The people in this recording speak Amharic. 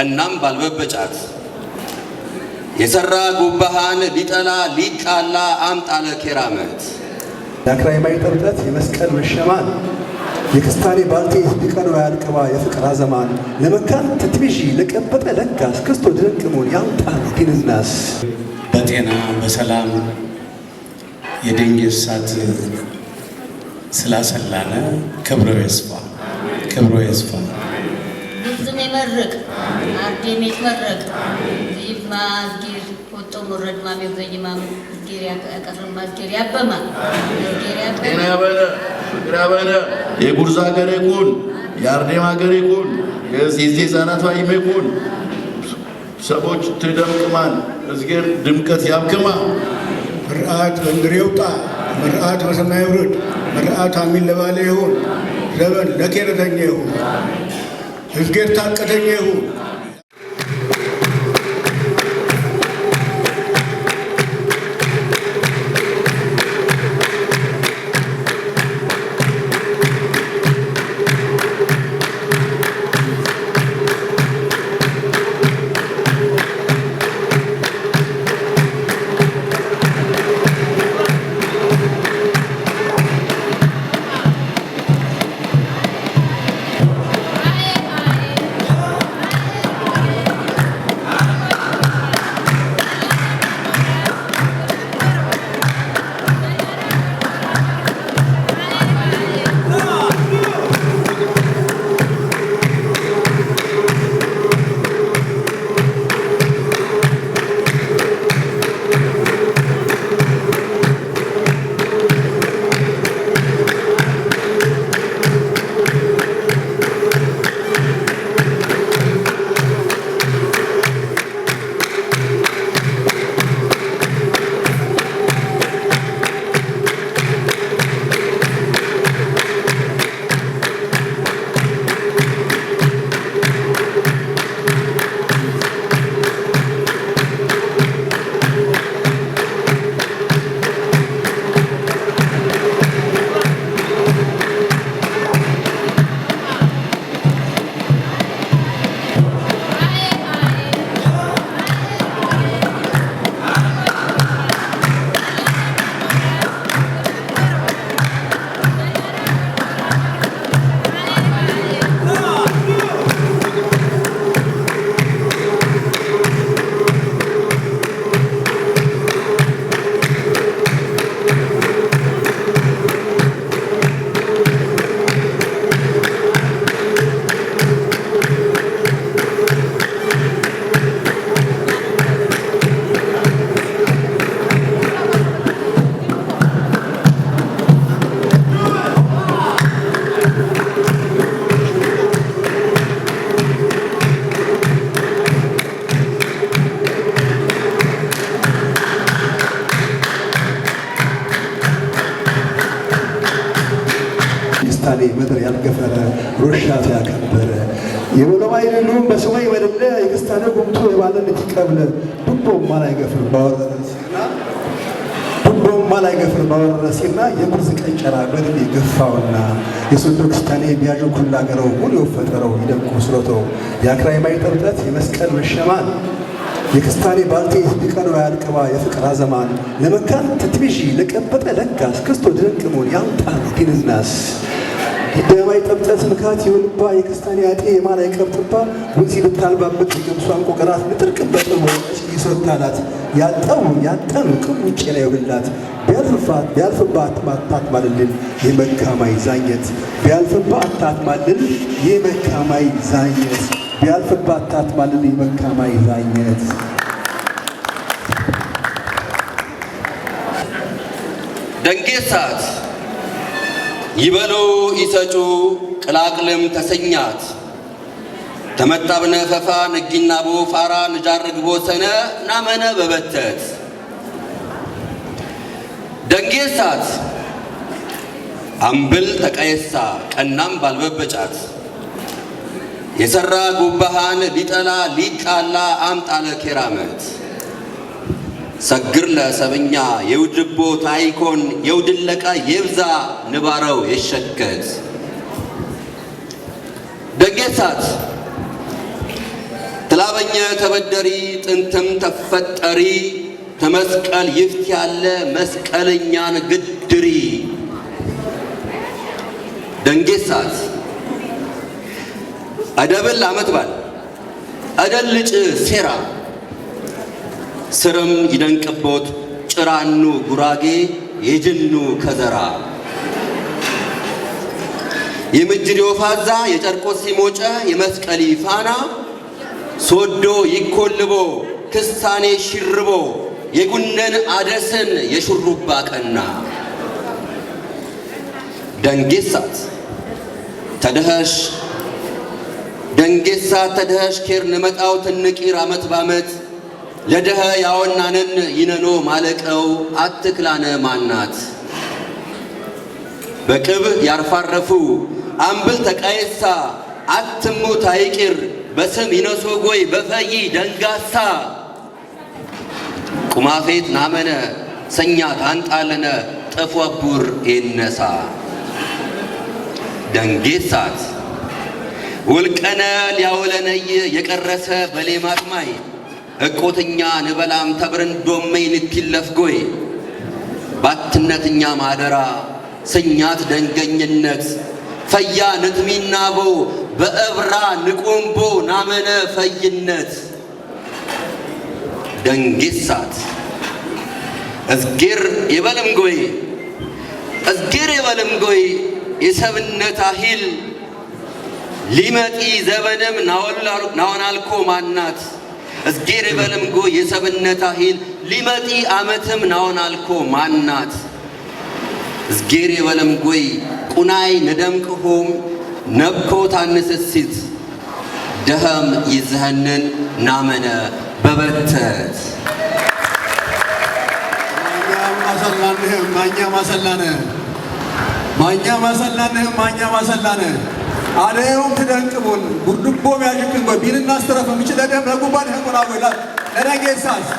ቀናም ባልበበጫት የሰራ ጉባሃን ሊጠላ ሊቃላ አምጣለ ኬራመት የአክራይማዊ ማይጠብጠት የመስቀል መሸማን የክስታኔ ባልቴት ቢቀኑ ያልቅባ የፍቅር አዘማን ለመካን ትትብዢ ለቀበጠ ለጋስ ክስቶ ድንቅሙን ያምጣ ፊንናስ በጤና በሰላም የደንጌ እሳት ስላሰላነ ክብሮ ይስፋ ክብሮ ይስፋ። ግብፅም ይመርቅ፣ አርዴም የትመረቅ ይብማ ዝጊር ወጦ ሙረድ ማሜው በይማ ዝጊር ያቀርማ ዝጊር ያበማ ጤና ያበማ ፍቅራ በለ የጉርዝ ሀገር ይኩን የአርዴም ሀገር ይኩን የዚህ ህጻናት ባይመ ይኩን ሰቦች ትደምቅማን እዝጌር ድምቀት ያብክማ ምርአት በምድር ይውጣ ምርአት በሰማይ ውርድ ምርአት አሚን ለባለ ይሁን ዘበን ለኬረተኛ ይሁን ሕዝጌ ታቀደኝ ይሁን በልሳኔ ምድር ያልገፈረ ሩሻት ያከበረ የበለማ ይልሉም በሰማይ ወደለ የክስታነ ጉምቱ ልጅ ቀብለ ዱቦማ ላይ ገፍር ባወረረሲና ዱቦማ ላይ ገፍር ባወረረሲና የቁርዝ ቀን ጨራ በድል የገፋውና የሶዶ ክስታኔ ቢያዥ ኩላ ሁሉ የወፈጠረው ይደቁ ስሎተው የአክራይ ማይ የመስቀል መሸማል የክስታኔ ባልቴት ቢቀኑ ያልቅባ የፍቅር አዘማን ለመካን ትትብዢ ለቀበጠ ለጋስ ክስቶ ድንቅ መሆን ያምጣ ቲንናስ የደባይ ጠብጠት ምካት የወልባ የክስታን ያጤ የማላይ ቀብጥባ ውንሲ ልታልባበት የገብሷን ቆቀራት ንጥርቅም በጥም ወቀች ይሰታላት ያጠው ያጠኑ ቅም ውጭ ላይ ይብላት ቢያልፍባት ቢያልፍባት ማታት ማልልን የመካማይ ዛኘት ቢያልፍባት ታት ማልል የመካማይ ዛኘት ቢያልፍባት ታት ማልል የመካማይ ዛኘት ደንጌ ሰዓት ይበሉ ይሰጩ ቅላቅልም ተሰኛት ተመጣብነ ፈፋ ነጊናቦ ፋራ ንጃርግቦ ሰነ ናመነ በበተት ደንጌሳት አምብል ተቀየሳ ቀናም ባልበበጫት የሰራ ጉባሃን ሊጠላ ሊጣላ አምጣለ ኬራመት ሰግርለ ሰበኛ የውድቦ ታይኮን የውድለቃ የብዛ ንባረው የሸከት ደጌሳት ትላበኛ ተበደሪ ጥንትም ተፈጠሪ ተመስቀል ይፍት ያለ መስቀለኛን ግድሪ ደንጌሳት አደብል አመት ባል አደልጭ ሴራ ስርም ይደንቅቦት ጭራኑ ጉራጌ የጅኑ ከዘራ የምጅሪ ወፋዛ የጨርቆስ ሲሞጨ የመስቀሊ ፋና ሶዶ ይኮልቦ ክስታኔ ሽርቦ የጉነን አደስን የሹሩባ ቀና ደንጌሳት ተደኸሽ ደንጌሳት ተደኸሽ ኬር ንመጣው ትንቂር አመት ባመት ለድኸ ያወናንን ይነኖ ማለቀው አትክላነ ማናት በቅብ ያርፋረፉ አምብል ተቃየሳ አትሙ ታይቅር በስም ይነሶ ጎይ በፈይ ደንጋሳ ቁማፌት ናመነ ሰኛ ታንጣለነ ጠፎቡር ይነሳ ደንጌሳት ውልቀነ ሊያወለነይ የቀረሰ በሌማት ማይ እቆትኛ ንበላም ተብርን ዶመይ ንኪለፍ ጎይ ባትነትኛ ማደራ ስኛት ደንገኝነት ፈያ ንትሚናቦ በእብራ ንቆምቦ ናመነ ፈይነት ደንጌሳት እዝጌር የበለም ጎይ እዝጌር የበለም ጎይ የሰብነት አሂል ሊመጢ ዘበንም ናወናልኮ ማናት እስጌ ርበልምጎ የሰብነት አሂል ሊመጢ አመትም ናውናልኮ ማናት እስጌር የበለምጎይ ቁናይ ነደምቅሆም ነብኮ ታንስሲት ደኸም ይዝኸንን ናመነ በበተት ማኛ ማሰላነ ማኛ ማሰላነ ማኛ ማሰላነ አደየውም ትደንቅቡን ጉርድቦ ሚያዥክን ጎይ ቢልና አስተረፈ ምችለ ለጉባን ህቁና ጎይ ለነጌሳስ